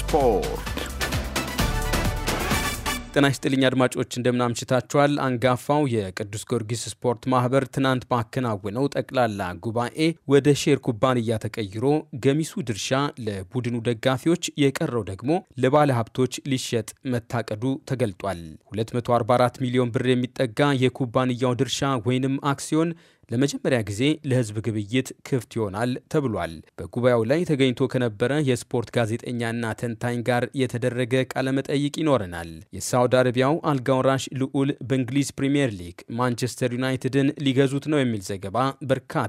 ስፖርት ጤና ይስጥልኝ አድማጮች፣ እንደምናምሽታችኋል። አንጋፋው የቅዱስ ጊዮርጊስ ስፖርት ማህበር ትናንት ባከናወነው ጠቅላላ ጉባኤ ወደ ሼር ኩባንያ ተቀይሮ ገሚሱ ድርሻ ለቡድኑ ደጋፊዎች፣ የቀረው ደግሞ ለባለ ሀብቶች ሊሸጥ መታቀዱ ተገልጧል። 244 ሚሊዮን ብር የሚጠጋ የኩባንያው ድርሻ ወይንም አክሲዮን ለመጀመሪያ ጊዜ ለህዝብ ግብይት ክፍት ይሆናል ተብሏል። በጉባኤው ላይ ተገኝቶ ከነበረ የስፖርት ጋዜጠኛና ተንታኝ ጋር የተደረገ ቃለመጠይቅ ይኖረናል። የሳውዲ አረቢያው አልጋውራሽ ልዑል በእንግሊዝ ፕሪምየር ሊግ ማንቸስተር ዩናይትድን ሊገዙት ነው የሚል ዘገባ በርካታ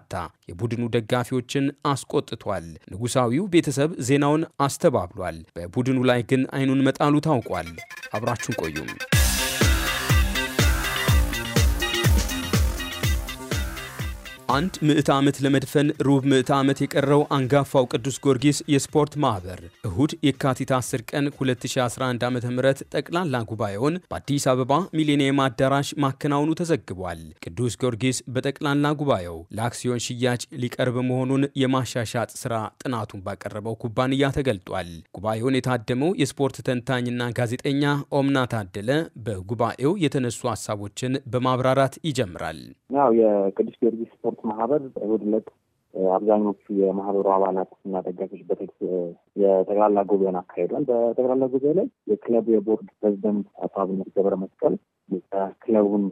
የቡድኑ ደጋፊዎችን አስቆጥቷል። ንጉሳዊው ቤተሰብ ዜናውን አስተባብሏል። በቡድኑ ላይ ግን አይኑን መጣሉ ታውቋል። አብራችሁን ቆዩም አንድ ምዕት ዓመት ለመድፈን ሩብ ምዕት ዓመት የቀረው አንጋፋው ቅዱስ ጊዮርጊስ የስፖርት ማኅበር እሁድ የካቲት 10 ቀን 2011 ዓ ም ጠቅላላ ጉባኤውን በአዲስ አበባ ሚሊኒየም አዳራሽ ማከናወኑ ተዘግቧል። ቅዱስ ጊዮርጊስ በጠቅላላ ጉባኤው ለአክሲዮን ሽያጭ ሊቀርብ መሆኑን የማሻሻጥ ሥራ ጥናቱን ባቀረበው ኩባንያ ተገልጧል። ጉባኤውን የታደመው የስፖርት ተንታኝና ጋዜጠኛ ኦምና ታደለ በጉባኤው የተነሱ ሀሳቦችን በማብራራት ይጀምራል። ያው የቅዱስ ጊዮርጊስ ስፖርት ማህበር እሑድ ዕለት አብዛኞቹ የማህበሩ አባላት እና ደጋፊዎች በቴክስ የጠቅላላ ጉባኤን አካሂዷል። በጠቅላላ ጉባኤ ላይ የክለቡ የቦርድ ፕሬዚደንት አቶ አብነት ገብረ መስቀል ክለቡን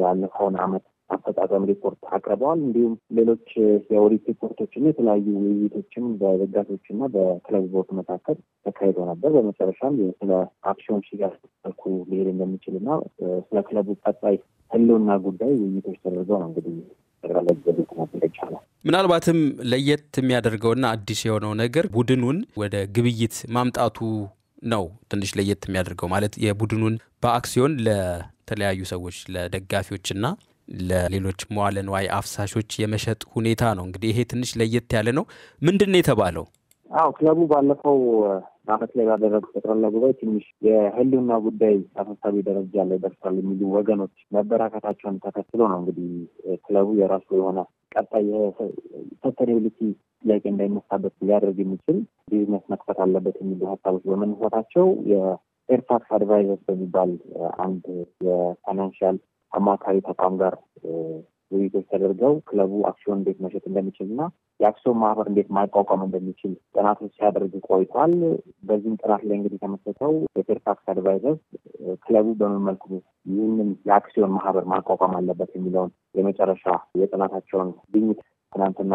ያለፈውን ዓመት አፈጻጸም ሪፖርት አቅርበዋል። እንዲሁም ሌሎች የኦዲት ሪፖርቶችና የተለያዩ ውይይቶችም በደጋፊዎችና በክለብ ቦርድ መካከል ተካሂዶ ነበር። በመጨረሻም ስለ አክሲዮን ሽያጭ መልኩ ሊሄድ እንደሚችልና ስለ ክለቡ ቀጣይ ህልውና ጉዳይ ውይይቶች ተደርገው ነው እንግዲህ የተመዘገቡ ጥናቶች አሉ። ምናልባትም ለየት የሚያደርገውና አዲስ የሆነው ነገር ቡድኑን ወደ ግብይት ማምጣቱ ነው። ትንሽ ለየት የሚያደርገው ማለት የቡድኑን በአክሲዮን ለተለያዩ ሰዎች ለደጋፊዎችና ለሌሎች መዋለ ንዋይ አፍሳሾች የመሸጥ ሁኔታ ነው። እንግዲህ ይሄ ትንሽ ለየት ያለ ነው። ምንድን ነው የተባለው? አዎ ክለቡ ባለፈው አመት ላይ ባደረጉ ጠቅላላ ጉባኤ ትንሽ የህልውና ጉዳይ አሳሳቢ ደረጃ ላይ ደርሷል የሚሉ ወገኖች መበራከታቸውን ተከትሎ ነው እንግዲህ ክለቡ የራሱ የሆነ ቀጣይ ሰስተኔብሊቲ ጥያቄ እንዳይነሳበት ሊያደርግ የሚችል ቢዝነስ መክፈት አለበት የሚሉ ሀሳቦች በመነሳታቸው የኤርታክስ አድቫይዘርስ በሚባል አንድ የፋይናንሽል አማካሪ ተቋም ጋር ውይይቶች ተደርገው ክለቡ አክሲዮን እንዴት መሸጥ እንደሚችል እና የአክሲዮን ማህበር እንዴት ማቋቋም እንደሚችል ጥናቶች ሲያደርግ ቆይቷል። በዚህም ጥናት ላይ እንግዲህ የተመሰተው የፌርፋክስ አድቫይዘርስ ክለቡ በምን መልኩ ይህንን የአክሲዮን ማህበር ማቋቋም አለበት የሚለውን የመጨረሻ የጥናታቸውን ግኝት ትናንትና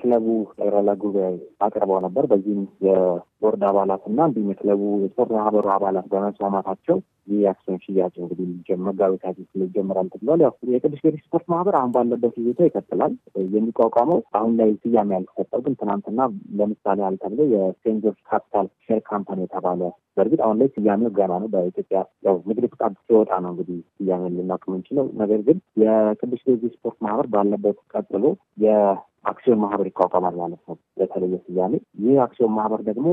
ክለቡ ጠቅላላ ጉባኤ አቅርበው ነበር። በዚህም የቦርድ አባላት እና እንዲሁም የክለቡ የስፖርት ማህበሩ አባላት በመስማማታቸው ይህ የአክሲዮን ሽያጭ እንግዲህ መጋቢት አዲስ ላይ ይጀምራል ተብሏል። ያው የቅዱስ ጊዮርጊስ ስፖርት ማህበር አሁን ባለበት ይዞታ ይቀጥላል። የሚቋቋመው አሁን ላይ ስያሜ ያልተሰጠው ግን ትናንትና ለምሳሌ አል ተብሎ የሴንት ጆርጅ ካፒታል ሼር ካምፓኒ የተባለ በእርግጥ አሁን ላይ ስያሜው ገና ነው። በኢትዮጵያ ያው ንግድ ፍቃድ ሲወጣ ነው እንግዲህ ስያሜ ልናቅም እንችለው። ነገር ግን የቅዱስ ጊዮርጊስ ስፖርት ማህበር ባለበት ቀጥሎ አክሲዮን ማህበር ይቋቋማል ማለት ነው በተለየ ስያሜ። ይህ አክሲዮን ማህበር ደግሞ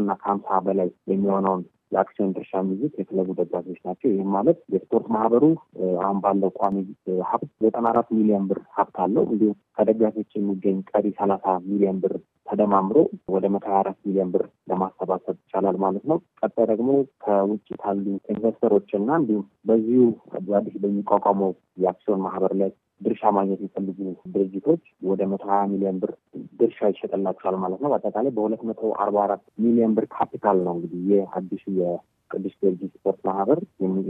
እና ከሀምሳ በላይ የሚሆነውን የአክሲዮን ድርሻ የሚይዙት የክለቡ ደጋፊዎች ናቸው። ይህም ማለት የስፖርት ማህበሩ አሁን ባለው ቋሚ ሀብት ዘጠና አራት ሚሊዮን ብር ሀብት አለው። እንዲሁም ከደጋፊዎች የሚገኝ ቀሪ ሰላሳ ሚሊዮን ብር ተደማምሮ ወደ መቶ ሀያ አራት ሚሊዮን ብር ለማሰባሰብ ይቻላል ማለት ነው። ቀጣይ ደግሞ ከውጭ ካሉ ኢንቨስተሮች እና እንዲሁም በዚሁ አዲስ በሚቋቋመው የአክሲዮን ማህበር ላይ ድርሻ ማግኘት የሚፈልጉ ድርጅቶች ወደ መቶ ሀያ ሚሊዮን ብር ድርሻ ይሸጠላቸዋል ማለት ነው። በአጠቃላይ በሁለት መቶ አርባ አራት ሚሊዮን ብር ካፒታል ነው እንግዲህ ይህ አዲሱ ቅዱስ ጊዮርጊስ ስፖርት ማህበር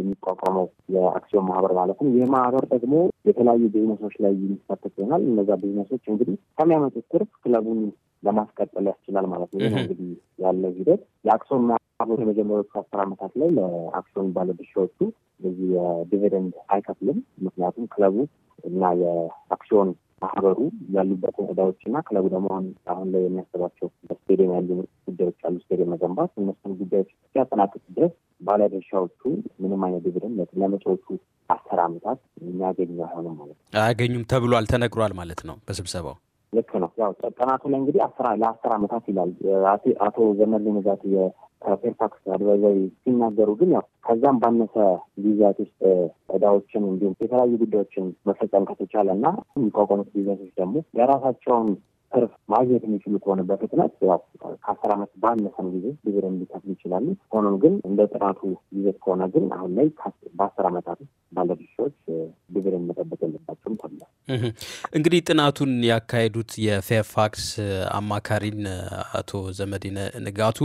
የሚቋቋመው የአክሲዮን ማህበር ማለት ነው። ይህ ማህበር ደግሞ የተለያዩ ቢዝነሶች ላይ የሚሳተፍ ይሆናል። እነዛ ቢዝነሶች እንግዲህ ከሚያመጡት ትርፍ ክለቡን ለማስቀጠል ያስችላል ማለት ነው። እንግዲህ ያለው ሂደት የአክሲዮን ማህበሩ የመጀመሪያዎቹ አስር ዓመታት ላይ ለአክሲዮን ባለድርሻዎቹ በዚህ የዲቪደንድ አይከፍልም። ምክንያቱም ክለቡ እና የአክሲዮን ማህበሩ ያሉበት ወረዳዎች እና ክለቡ ደግሞ አሁን ላይ የሚያስባቸው ስቴዲየም ያሉ ጉዳዮች አሉ። ስቴዲየም መገንባት እነሱን ጉዳዮች ሲያጠናቅቅ ድረስ ባለድርሻዎቹ ምንም አይነት ዲቪደንድ ለመጪዎቹ አስር አመታት የሚያገኙ አይሆንም ማለት ነው። አያገኙም ተብሏል፣ ተነግሯል ማለት ነው በስብሰባው ልክ ነው። ያው ጥናቱ ላይ እንግዲህ አስራ ለአስር አመታት ይላል አቶ ዘመን ንጋት ከፌርፋክስ አድቫይዘሪ ሲናገሩ ግን ያው ከዛም ባነሰ ጊዜያት ውስጥ እዳዎችን እንዲሁም የተለያዩ ጉዳዮችን መፈጸም ከተቻለ እና የሚቋቋሙት ጊዜያቶች ደግሞ የራሳቸውን ትርፍ ማግኘት የሚችሉ ከሆነ በፍጥነት ያው ከአስር ዓመት ባነሰም ጊዜ ዲቪደንድ እንዲከፍል ይችላሉ። ሆኖም ግን እንደ ጥናቱ ይዘት ከሆነ ግን አሁን ላይ በአስር ዓመታት ውስጥ ባለድርሻዎች ዲቪደንድ መጠበቅ የለባቸውም ተብሏል። እንግዲህ ጥናቱን ያካሄዱት የፌርፋክስ አማካሪን አቶ ዘመዲነ ንጋቱ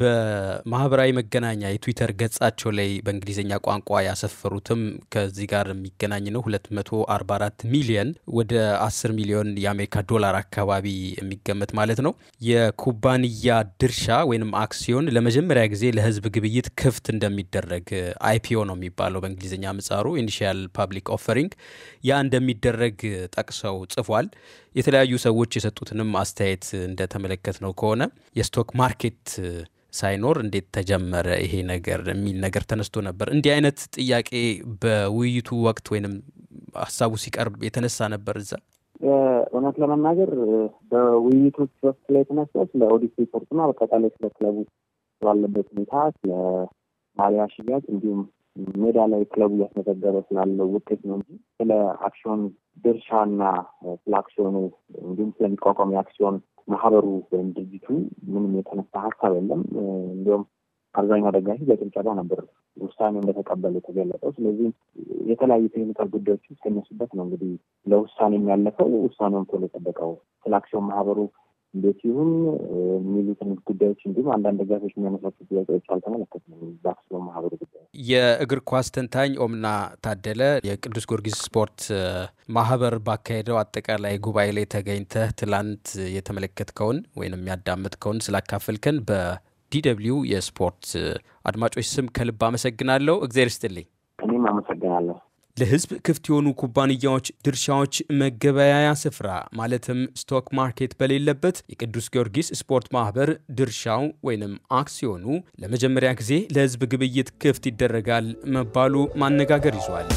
በማህበራዊ መገናኛ የትዊተር ገጻቸው ላይ በእንግሊዝኛ ቋንቋ ያሰፈሩትም ከዚህ ጋር የሚገናኝ ነው። ሁለት መቶ አርባ አራት ሚሊየን ወደ አስር ሚሊዮን የአሜሪካ ዶላር አካባቢ አካባቢ የሚገመት ማለት ነው። የኩባንያ ድርሻ ወይም አክሲዮን ለመጀመሪያ ጊዜ ለህዝብ ግብይት ክፍት እንደሚደረግ አይፒኦ ነው የሚባለው በእንግሊዝኛ ምጻሩ ኢኒሺያል ፓብሊክ ኦፈሪንግ፣ ያ እንደሚደረግ ጠቅሰው ጽፏል። የተለያዩ ሰዎች የሰጡትንም አስተያየት እንደተመለከት ነው ከሆነ የስቶክ ማርኬት ሳይኖር እንዴት ተጀመረ ይሄ ነገር የሚል ነገር ተነስቶ ነበር። እንዲህ አይነት ጥያቄ በውይይቱ ወቅት ወይንም ሀሳቡ ሲቀርብ የተነሳ ነበር እዛ እውነት ለመናገር በውይይቶች ወቅት ላይ የተነሳ ስለ ኦዲት ሪፖርትና በአጠቃላይ ስለ ክለቡ ስላለበት ሁኔታ፣ ስለ ማሊያ ሽያጭ እንዲሁም ሜዳ ላይ ክለቡ እያስመዘገበ ስላለው ውጤት ነው እንጂ ስለ አክሲዮን ድርሻና ስለ አክሲዮኑ እንዲሁም ስለሚቋቋም የአክሲዮን ማህበሩ ወይም ድርጅቱ ምንም የተነሳ ሀሳብ የለም። እንዲሁም አብዛኛው ደጋፊ በጭብጨባ ነበር ውሳኔ እንደተቀበለ የተገለጠው። ስለዚህ የተለያዩ ቴክኒካል ጉዳዮች እስከነሱበት ነው እንግዲህ ለውሳኔ የሚያለፈው ውሳኔውን ቶሎ የጠበቀው ስለ አክሲዮን ማህበሩ እንዴት ይሁን የሚሉትን ጉዳዮች እንዲሁም አንዳንድ ደጋፊዎች የሚያነሳቸው ጥያቄዎች አልተመለከትንም። በአክሲዮን ማህበሩ ጉዳይ የእግር ኳስ ተንታኝ ኦምና ታደለ፣ የቅዱስ ጊዮርጊስ ስፖርት ማህበር ባካሄደው አጠቃላይ ጉባኤ ላይ ተገኝተህ ትላንት የተመለከትከውን ወይም ያዳመጥከውን ስላካፈልከን በ ዲደብሊው የስፖርት አድማጮች ስም ከልብ አመሰግናለሁ። እግዜር ስጥልኝ። እኔም አመሰግናለሁ። ለህዝብ ክፍት የሆኑ ኩባንያዎች ድርሻዎች መገበያያ ስፍራ ማለትም ስቶክ ማርኬት በሌለበት የቅዱስ ጊዮርጊስ ስፖርት ማህበር ድርሻው ወይንም አክሲዮኑ ለመጀመሪያ ጊዜ ለህዝብ ግብይት ክፍት ይደረጋል መባሉ ማነጋገር ይዟል።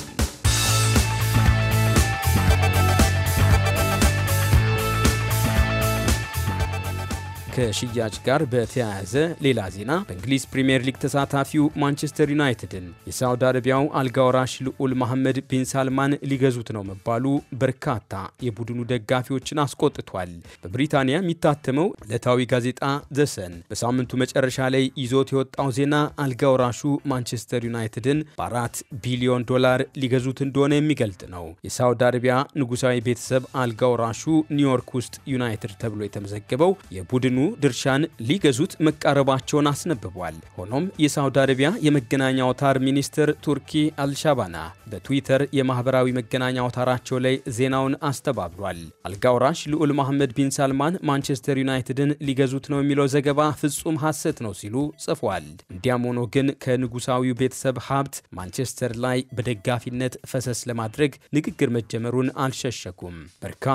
ከሽያጭ ጋር በተያያዘ ሌላ ዜና በእንግሊዝ ፕሪምየር ሊግ ተሳታፊው ማንቸስተር ዩናይትድን የሳውዲ አረቢያው አልጋውራሽ ልዑል መሐመድ ቢን ሳልማን ሊገዙት ነው መባሉ በርካታ የቡድኑ ደጋፊዎችን አስቆጥቷል። በብሪታንያ የሚታተመው ዕለታዊ ጋዜጣ ዘሰን በሳምንቱ መጨረሻ ላይ ይዞት የወጣው ዜና አልጋውራሹ ማንቸስተር ዩናይትድን በአራት ቢሊዮን ዶላር ሊገዙት እንደሆነ የሚገልጥ ነው። የሳውዲ አረቢያ ንጉሳዊ ቤተሰብ አልጋውራሹ ኒውዮርክ ውስጥ ዩናይትድ ተብሎ የተመዘገበው የቡድኑ ድርሻን ሊገዙት መቃረባቸውን አስነብቧል። ሆኖም የሳውዲ አረቢያ የመገናኛ አውታር ሚኒስትር ቱርኪ አልሻባና በትዊተር የማህበራዊ መገናኛ አውታራቸው ላይ ዜናውን አስተባብሏል። አልጋውራሽ ልዑል መሐመድ ቢን ሳልማን ማንቸስተር ዩናይትድን ሊገዙት ነው የሚለው ዘገባ ፍጹም ሐሰት ነው ሲሉ ጽፏል። እንዲያም ሆኖ ግን ከንጉሳዊው ቤተሰብ ሀብት ማንቸስተር ላይ በደጋፊነት ፈሰስ ለማድረግ ንግግር መጀመሩን አልሸሸጉም። በርካታ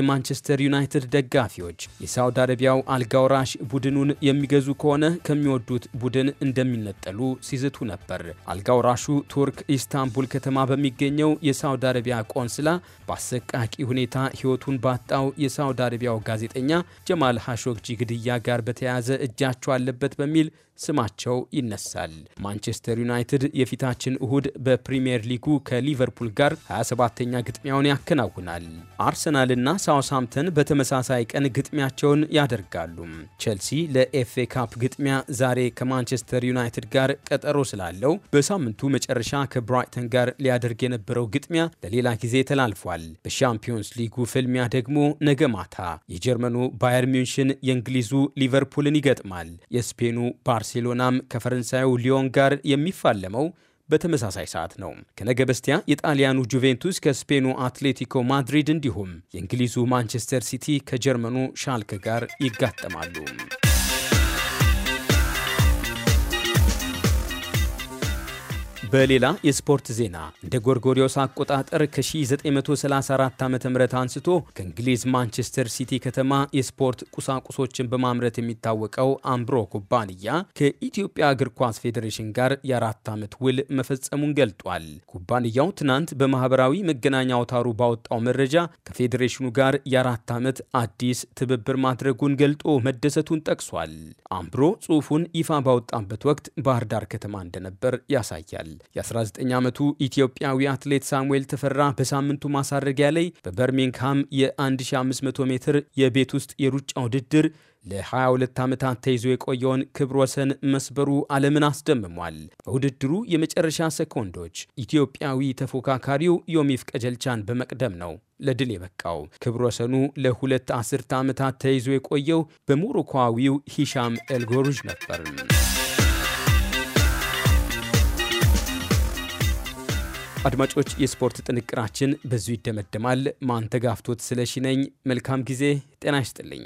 የማንቸስተር ዩናይትድ ደጋፊዎች የሳውዲ አረቢያው አልጋ አልጋ ወራሽ ቡድኑን የሚገዙ ከሆነ ከሚወዱት ቡድን እንደሚነጠሉ ሲዝቱ ነበር። አልጋ ወራሹ ቱርክ ኢስታንቡል ከተማ በሚገኘው የሳውዲ አረቢያ ቆንስላ በአሰቃቂ ሁኔታ ሕይወቱን ባጣው የሳውዲ አረቢያው ጋዜጠኛ ጀማል ሐሾግጂ ግድያ ጋር በተያያዘ እጃቸው አለበት በሚል ስማቸው ይነሳል። ማንቸስተር ዩናይትድ የፊታችን እሁድ በፕሪምየር ሊጉ ከሊቨርፑል ጋር 27 ተኛ ግጥሚያውን ያከናውናል። አርሰናልና ሳውስሃምፕተን በተመሳሳይ ቀን ግጥሚያቸውን ያደርጋሉ። ቼልሲ ለኤፍኤ ካፕ ግጥሚያ ዛሬ ከማንቸስተር ዩናይትድ ጋር ቀጠሮ ስላለው በሳምንቱ መጨረሻ ከብራይተን ጋር ሊያደርግ የነበረው ግጥሚያ ለሌላ ጊዜ ተላልፏል። በሻምፒዮንስ ሊጉ ፍልሚያ ደግሞ ነገ ማታ የጀርመኑ ባየር ሚንሽን የእንግሊዙ ሊቨርፑልን ይገጥማል። የስፔኑ ባርሴ ባርሴሎናም ከፈረንሳዩ ሊዮን ጋር የሚፋለመው በተመሳሳይ ሰዓት ነው። ከነገ በስቲያ የጣሊያኑ ጁቬንቱስ ከስፔኑ አትሌቲኮ ማድሪድ እንዲሁም የእንግሊዙ ማንቸስተር ሲቲ ከጀርመኑ ሻልክ ጋር ይጋጠማሉ። በሌላ የስፖርት ዜና እንደ ጎርጎሪዮስ አቆጣጠር ከ1934 ዓ ም አንስቶ ከእንግሊዝ ማንቸስተር ሲቲ ከተማ የስፖርት ቁሳቁሶችን በማምረት የሚታወቀው አምብሮ ኩባንያ ከኢትዮጵያ እግር ኳስ ፌዴሬሽን ጋር የአራት ዓመት ውል መፈጸሙን ገልጧል። ኩባንያው ትናንት በማህበራዊ መገናኛ አውታሩ ባወጣው መረጃ ከፌዴሬሽኑ ጋር የአራት ዓመት አዲስ ትብብር ማድረጉን ገልጦ መደሰቱን ጠቅሷል። አምብሮ ጽሑፉን ይፋ ባወጣበት ወቅት ባህር ዳር ከተማ እንደነበር ያሳያል። የ19 ዓመቱ ኢትዮጵያዊ አትሌት ሳሙኤል ተፈራ በሳምንቱ ማሳረጊያ ላይ በበርሚንግሃም የ1500 ሜትር የቤት ውስጥ የሩጫ ውድድር ለ22 ዓመታት ተይዞ የቆየውን ክብር ወሰን መስበሩ ዓለምን አስደምሟል። በውድድሩ የመጨረሻ ሰኮንዶች ኢትዮጵያዊ ተፎካካሪው ዮሚፍ ቀጀልቻን በመቅደም ነው ለድል የበቃው። ክብረ ወሰኑ ለሁለት አስርተ ዓመታት ተይዞ የቆየው በሞሮኳዊው ሂሻም ኤልጎሩዥ ነበር። አድማጮች፣ የስፖርት ጥንቅራችን በዙ ይደመደማል። ማንተጋፍቶት ስለሺ ነኝ። መልካም ጊዜ። ጤና ይስጥልኝ።